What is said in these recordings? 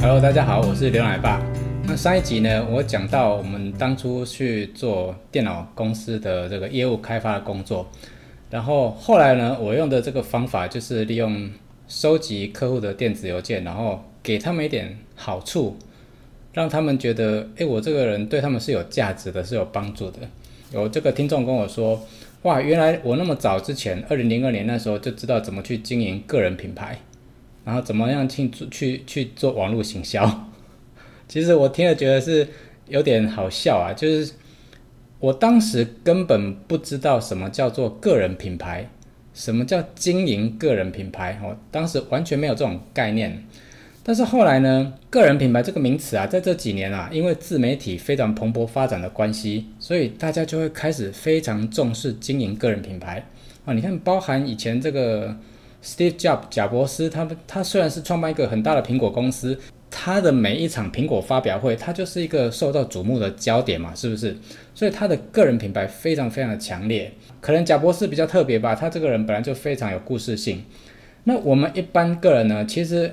Hello，大家好，我是劉奶爸。那上一集呢，我講到我們當初去做電腦公司的這個業務開發的工作，然後後來呢，我用的這個方法就是利用收集客戶的電子郵件，然後給他們一點好處，讓他們覺得，誒，我這個人對他們是有價值的，是有幫助的。有這個聽眾跟我說，哇，原來我那麼早之前，二零零二年那時候就知道怎麼去經營個人品牌。然後怎麼樣去做去去做網絡行銷？其實我聽了覺得是有點好笑啊，就是我當時根本不知道什麼叫做個人品牌，什麼叫經營個人品牌，我當時完全沒有這種概念。但是後來呢，個人品牌這個名詞啊，在這幾年啊，因為自媒體非常蓬勃發展的關係，所以大家就會開始非常重視經營個人品牌啊。你看，包含以前這個。Steve Jobs，賈伯斯，他們他雖然是創辦一個很大的蘋果公司，他的每一場蘋果發表會，他就是一個受到矚目的焦點嘛，是不是？所以他的個人品牌非常非常的強烈。可能賈伯斯比較特別吧，他這個人本來就非常有故事性。那我們一般個人呢，其實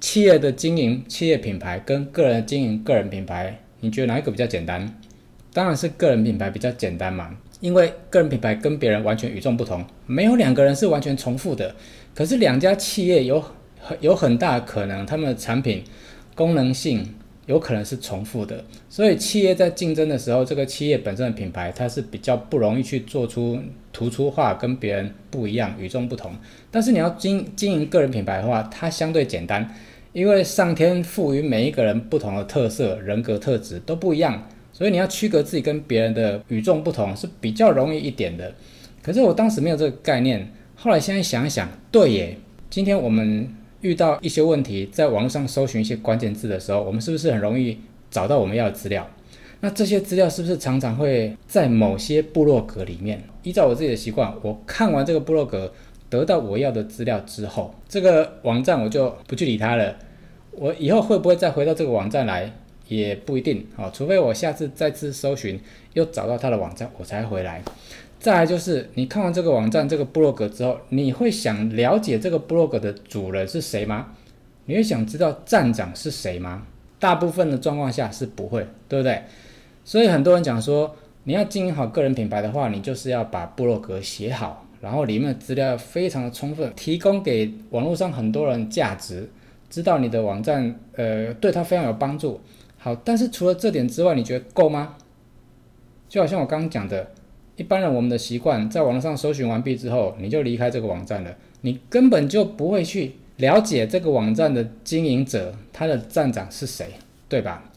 企業的經營、企業品牌跟個人的經營、個人品牌，你覺得哪一個比較簡單？當然是個人品牌比較簡單嘛。因為個人品牌跟別人完全與眾不同，沒有兩個人是完全重複的。可是兩家企業有很有很大可能，他們的產品功能性有可能是重複的。所以企業在競爭的時候，這個企業本身的品牌它是比較不容易去做出突出化，跟別人不一樣，與眾不同。但是你要經營經營個人品牌的話，它相對簡單，因為上天賦予每一個人不同的特色、人格特質都不一樣。所以你要區隔自己跟別人的與眾不同是比較容易一點的，可是我當時沒有這個概念。後來現在想想，對耶，今天我們遇到一些問題，在網上搜尋一些關鍵字的時候，我們是不是很容易找到我們要的資料？那這些資料是不是常常會在某些部落格裡面？依照我自己的習慣，我看完這個部落格，得到我要的資料之後，這個網站我就不去理它了。我以後會不會再回到這個網站來？也不一定哦，除非我下次再次搜尋又找到他的網站，我才回來。再來就是，你看完這個網站這個部落格之後，你會想了解這個部落格的主人是誰嗎？你會想知道站長是誰嗎？大部分的狀況下是不會，對不對？所以很多人講說，你要經營好個人品牌的話，你就是要把部落格寫好，然後裡面的資料非常的充分，提供給網路上很多人價值，知道你的網站呃對他非常有幫助。好，但是除了這點之外，你覺得夠嗎？就好像我剛剛講的，一般人我們的習慣，在網絡上搜尋完畢之後，你就離開這個網站了，你根本就不會去了解這個網站的經營者，他的站長是誰，對吧？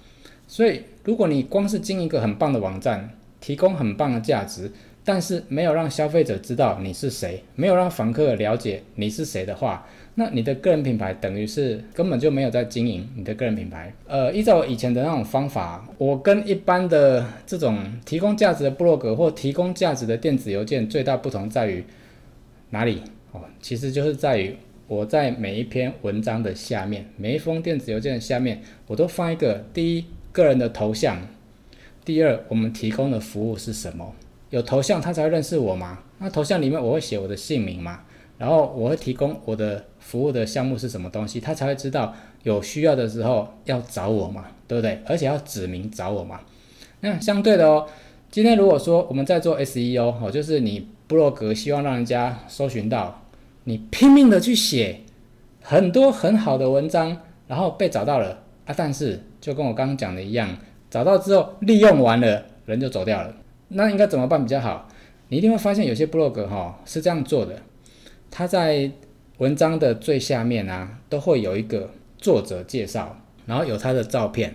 所以，如果你光是經營一個很棒的網站，提供很棒的價值，但是沒有讓消費者知道你是誰，沒有讓訪客了解你是誰的話，那你的個人品牌等於是根本就沒有在經營你的個人品牌。呃，依照我以前的那種方法，我跟一般的這種提供價值的部落格或提供價值的電子郵件最大不同在於哪裡？哦，其實就是在於我在每一篇文章的下面，每一封電子郵件的下面，我都放一個第一個人的頭像，第二我們提供的服務是什麼？有頭像，他才會認識我嘛？那頭像裡面我會寫我的姓名嘛？然後我會提供我的服務的項目是什麼東西，他才會知道有需要的時候要找我嘛，對不對？而且要指名找我嘛。那相對的哦，今天如果說我們在做 SEO，哦，就是你部落格希望讓人家搜尋到，你拼命的去寫很多很好的文章，然後被找到了啊，但是就跟我剛剛講的一樣，找到之後利用完了，人就走掉了。那應該怎麼辦比較好？你一定會發現有些部落格哈是這樣做的，它在文章的最下面啊，都會有一個作者介紹，然後有他的照片，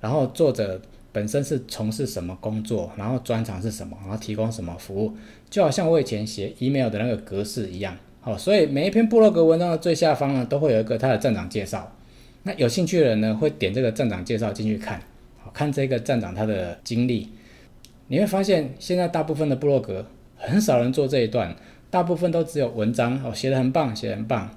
然後作者本身是從事什麼工作，然後專長是什麼，然後提供什麼服務，就好像我以前寫 email 的那個格式一樣。好、哦，所以每一篇部落格文章的最下方呢，都會有一個他的站長介紹，那有興趣的人呢會點這個站長介紹進去看，看這個站長他的經歷。你會發現，現在大部分的部落格很少人做這一段，大部分都只有文章哦，寫得很棒，寫得很棒，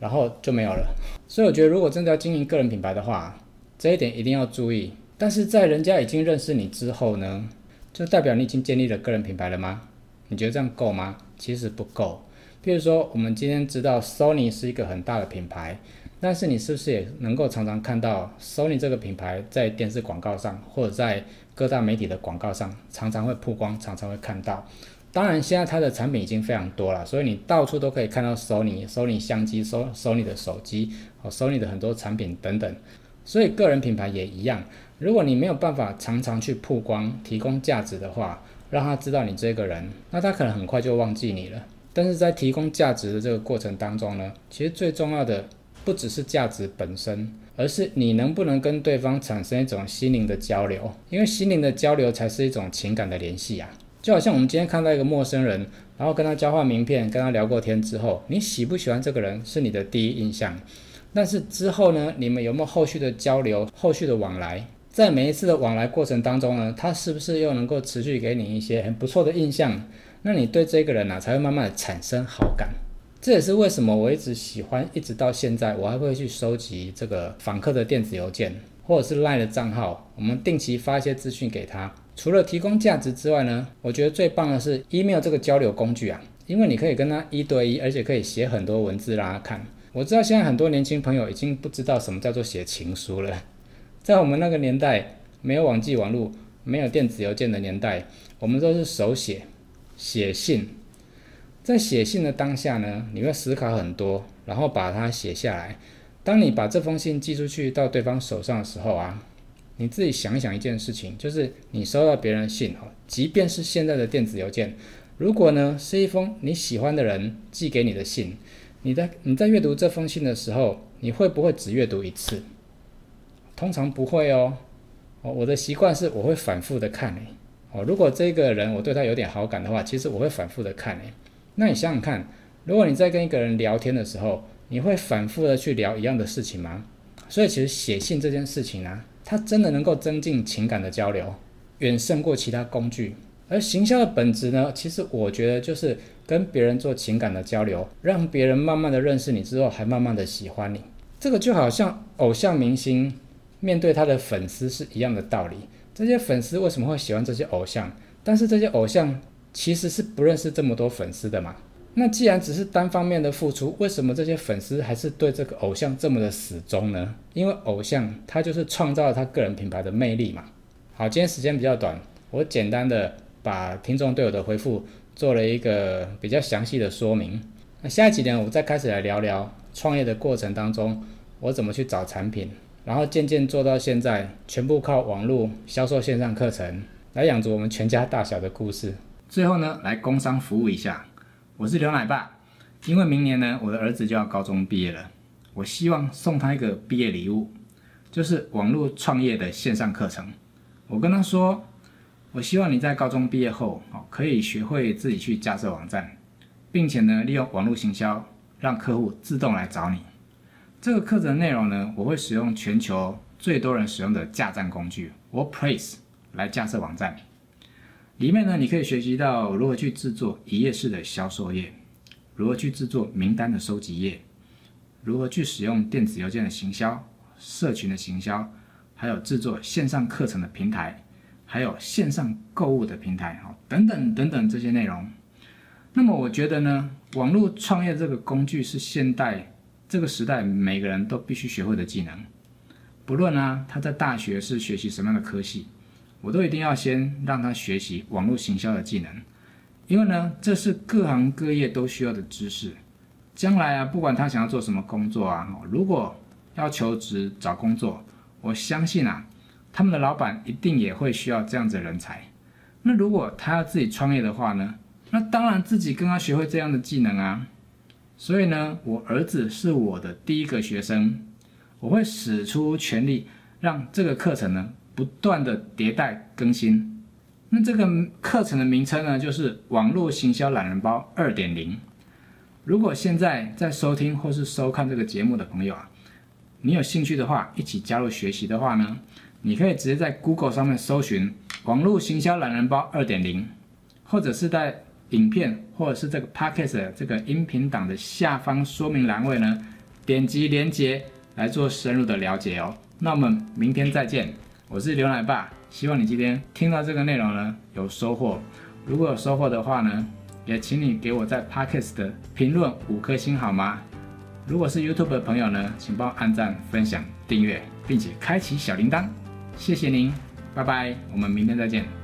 然後就沒有了。所以我覺得，如果真的要經營個人品牌的話，這一點一定要注意。但是在人家已經認識你之後呢，就代表你已經建立了個人品牌了嗎？你覺得這樣夠嗎？其實不夠。譬如說，我們今天知道 Sony 是一個很大的品牌。但是你是不是也能夠常常看到索尼這個品牌在電視廣告上，或者在各大媒體的廣告上，常常會曝光，常常會看到。當然，現在它的產品已經非常多了，所以你到處都可以看到索尼、索尼相機、索尼的手機、哦，索尼的很多產品等等。所以個人品牌也一樣，如果你沒有辦法常常去曝光、提供價值的話，讓他知道你這個人，那他可能很快就忘記你了。但是在提供價值的這個過程當中呢，其實最重要的。不只是價值本身，而是你能不能跟對方產生一種心靈的交流，因為心靈的交流才是一種情感的聯繫啊。就好像我們今天看到一個陌生人，然後跟他交換名片，跟他聊過天之後，你喜不喜歡這個人是你的第一印象，但是之後呢，你們有沒有後續的交流、後續的往來？在每一次的往來過程當中呢，他是不是又能夠持續給你一些很不錯的印象？那你對這個人呢、啊，才會慢慢的產生好感。這也是為什麼我一直喜歡，一直到現在，我還會去收集這個訪客的電子郵件或者是 LINE 的賬號。我們定期發一些資訊給他。除了提供價值之外呢，我覺得最棒的是 Email 這個交流工具啊，因為你可以跟他一對一，而且可以寫很多文字讓他看。我知道現在很多年輕朋友已經不知道什麼叫做寫情書了。在我們那個年代，沒有網際網路、沒有電子郵件的年代，我們都是手寫、寫信。在寫信的當下呢，你會思考很多，然後把它寫下來。當你把這封信寄出去到對方手上的時候啊，你自己想想一件事情，就是你收到別人信，即便是現在的電子郵件，如果呢是一封你喜歡的人寄給你的信，你在你在閱讀這封信的時候，你會不會只閱讀一次？通常不會哦。我的習慣是我會反覆的看你哦，如果這個人我對他有點好感的話，其實我會反覆的看你。那你想想看，如果你在跟一個人聊天的時候，你會反覆的去聊一樣的事情嗎？所以其實寫信這件事情呢、啊，它真的能夠增進情感的交流，遠勝過其他工具。而行銷的本質呢，其實我覺得就是跟別人做情感的交流，讓別人慢慢的認識你之後，還慢慢的喜歡你。這個就好像偶像明星面對他的粉絲是一樣的道理。這些粉絲為什麼會喜歡這些偶像？但是這些偶像，其實是不認識這麼多粉絲的嘛。那既然只是單方面的付出，為什麼這些粉絲還是對這個偶像這麼的死忠呢？因為偶像他就是創造了他個人品牌的魅力嘛。好，今天時間比較短，我簡單的把聽眾對我的回復做了一個比較詳細的說明。那下一集呢，我們再開始來聊聊創業的過程當中，我怎麼去找產品，然後漸漸做到現在，全部靠網絡銷售線上課程來養着我們全家大小的故事。最後呢，來工商服務一下，我是劉奶爸。因為明年呢，我的兒子就要高中畢業了，我希望送他一個畢業禮物，就是網絡創業的線上課程。我跟他說，我希望你在高中畢業後，可以學會自己去架設網站，並且呢，利用網絡行銷，讓客戶自動來找你。這個課程內容呢，我會使用全球最多人使用的架站工具 WordPress 來架設網站。裡面呢，你可以學習到如何去製作一頁式的銷售頁，如何去製作名單的收集頁，如何去使用電子郵件的行銷、社群的行銷，還有製作線上課程的平台，還有線上購物的平台啊、哦，等等等等這些內容。那麼，我覺得呢，網絡創業這個工具是現代這個時代每個人都必須學會的技能，不論呢、啊，他在大學是學習什麼樣的科系。我都一定要先讓他學習網絡行銷的技能，因為呢，這是各行各業都需要的知識。將來啊，不管他想要做什麼工作啊，如果要求職、找工作，我相信啊，他們的老板一定也會需要這樣子的人才。那如果他要自己創業的話呢，那當然自己更要學會這樣的技能啊。所以呢，我兒子是我的第一個學生，我會使出全力讓這個課程呢。不斷的迭代更新，那這個課程的名稱呢，就是網絡行銷懶人包二點零。如果現在在收聽或是收看這個節目的朋友啊，你有興趣的話，一起加入學習的話呢，你可以直接在 Google 上面搜尋網絡行銷懶人包二點零，或者是在影片或者是這個 Podcast 這個音頻檔的下方說明欄位呢，點擊連接來做深入的了解哦。那我們明天再見。我是劉奶爸，希望你今天聽到這個內容呢，有收穫。如果有收穫的話呢，也請你給我在 Podcast 的評論五顆星好嗎？如果是 YouTube 的朋友呢，請幫我按讚、分享、訂閱，並且開啟小鈴鐺。謝謝您，拜拜，我們明天再見。